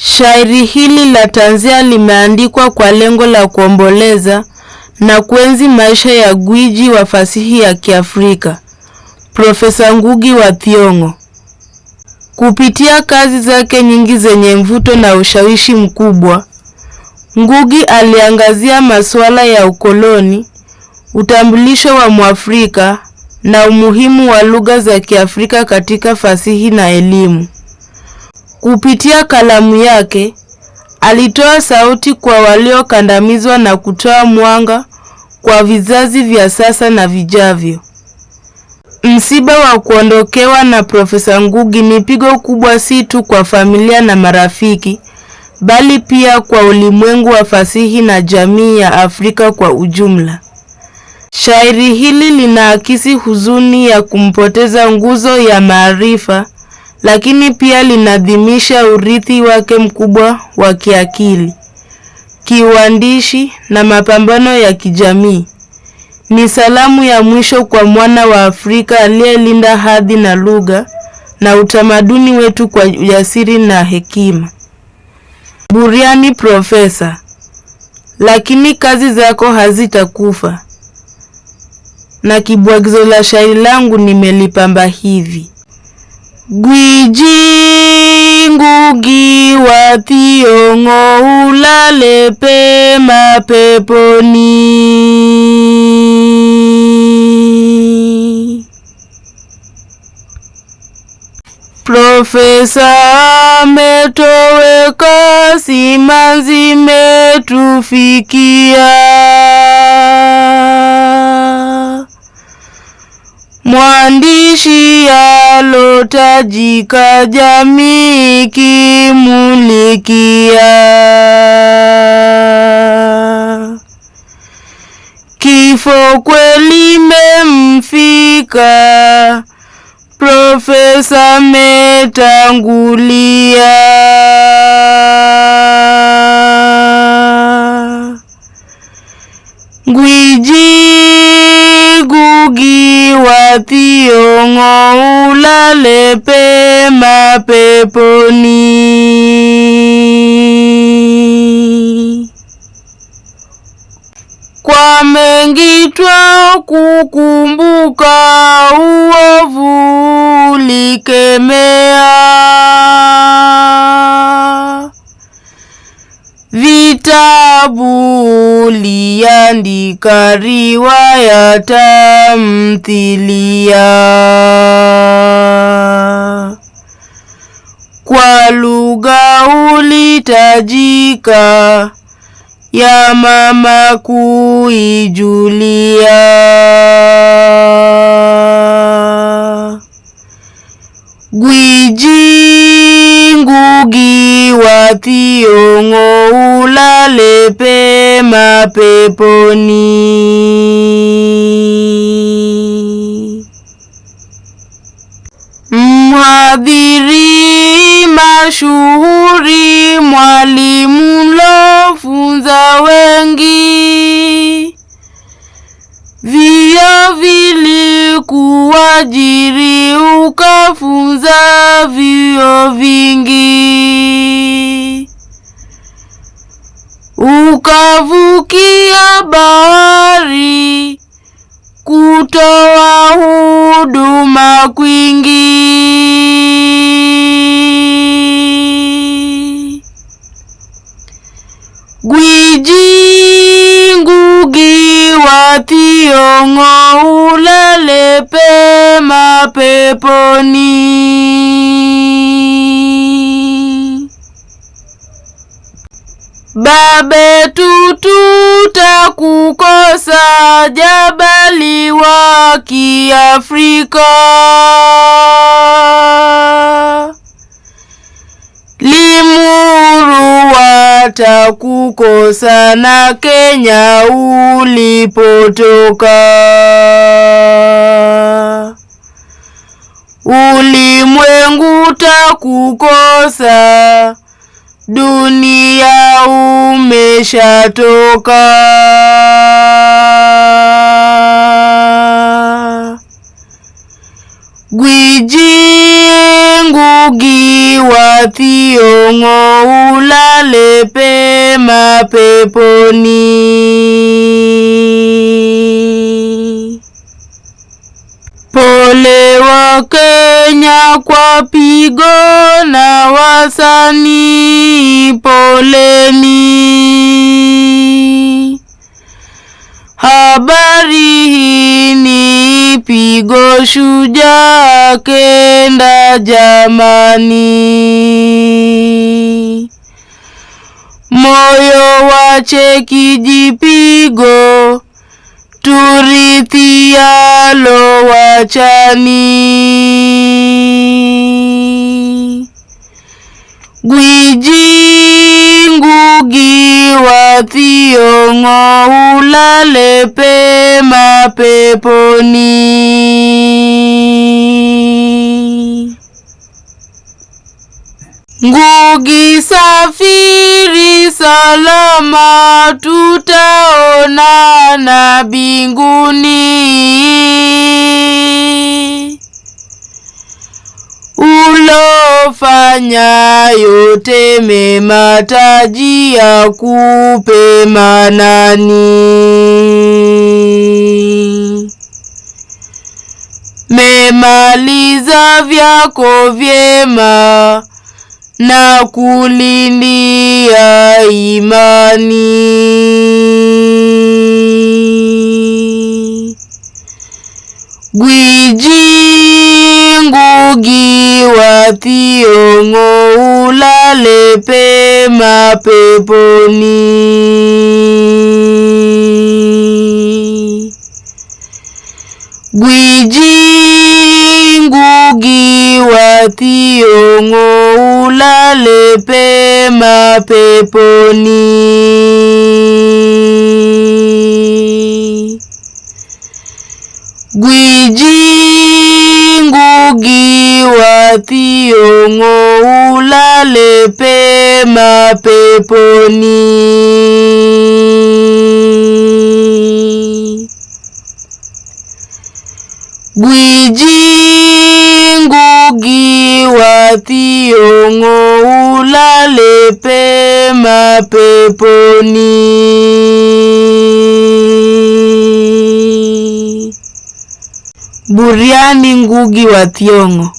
Shairi hili la tanzia limeandikwa kwa lengo la kuomboleza na kuenzi maisha ya gwiji wa fasihi ya Kiafrika Profesa Ngugi wa Thiong'o. Kupitia kazi zake nyingi zenye mvuto na ushawishi mkubwa, Ngugi aliangazia masuala ya ukoloni, utambulisho wa Mwafrika na umuhimu wa lugha za Kiafrika katika fasihi na elimu. Kupitia kalamu yake alitoa sauti kwa waliokandamizwa na kutoa mwanga kwa vizazi vya sasa na vijavyo. Msiba wa kuondokewa na Profesa Ngugi ni pigo kubwa si tu kwa familia na marafiki, bali pia kwa ulimwengu wa fasihi na jamii ya Afrika kwa ujumla. Shairi hili linaakisi huzuni ya kumpoteza nguzo ya maarifa lakini pia linadhimisha urithi wake mkubwa wa kiakili, kiuandishi na mapambano ya kijamii. Ni salamu ya mwisho kwa mwana wa Afrika aliyelinda hadhi na lugha na utamaduni wetu kwa ujasiri na hekima. Buriani Profesa, lakini kazi zako hazitakufa, na kibwagizo la shairi langu nimelipamba hivi. Gwiji Ngugi wa Thiong'o, ulale pema peponi. Profesa ametoweka, simanzi metufikia mwandishi alotajika jamii kimulikia. Kifo kweli memfika, profesa metangulia. Gwiji Gugi wationg'o ulale pema peponi. Kwa mengi twakukumbuka, uovu ulikemea katika riwaya tamthilia. Kwa lugha ulitajika, ya mama kuijulia. Gwiji Ngugi wa Thiong'o ulalepe peponi. Mhadhiri mashuhuri, mwalimu lofunza wengi, vio vilikuajiri ukafunza vio vingi ukavukia bahari kutoa huduma kwingi. Gwiji Ngugi wa Thiong'o ulale pema peponi. tutu takukosa, jabali wa Kiafrika. Limuru watakukosa, na Kenya ulipotoka. Ulimwengu takukosa dunia umeshatoka, gwiji ngugi wa Thiong'o ulale pema peponi, pole wake Kenya kwa pigo na wasanii poleni. Habari hii ni pigo shujaa, kenda jamani, moyo wache kijipigo turithialo wachani Gwiji ngugi wa Thiong'o, ulale pema peponi. Ngugi safiri salama, tutaonana binguni. ulofanya yote mema, taji kupe Manani. Memaliza vyako vyema na kulindia imani. Mlongo ulale pema peponi. Gwiji Ngugi wa Thiong'o ulale pema peponi. wapi, ong'o, ulale pema peponi. Gwiji, Ngugi, wapi, ong'o, ulale pema peponi. Buriani, Ngugi wa Thiong'o.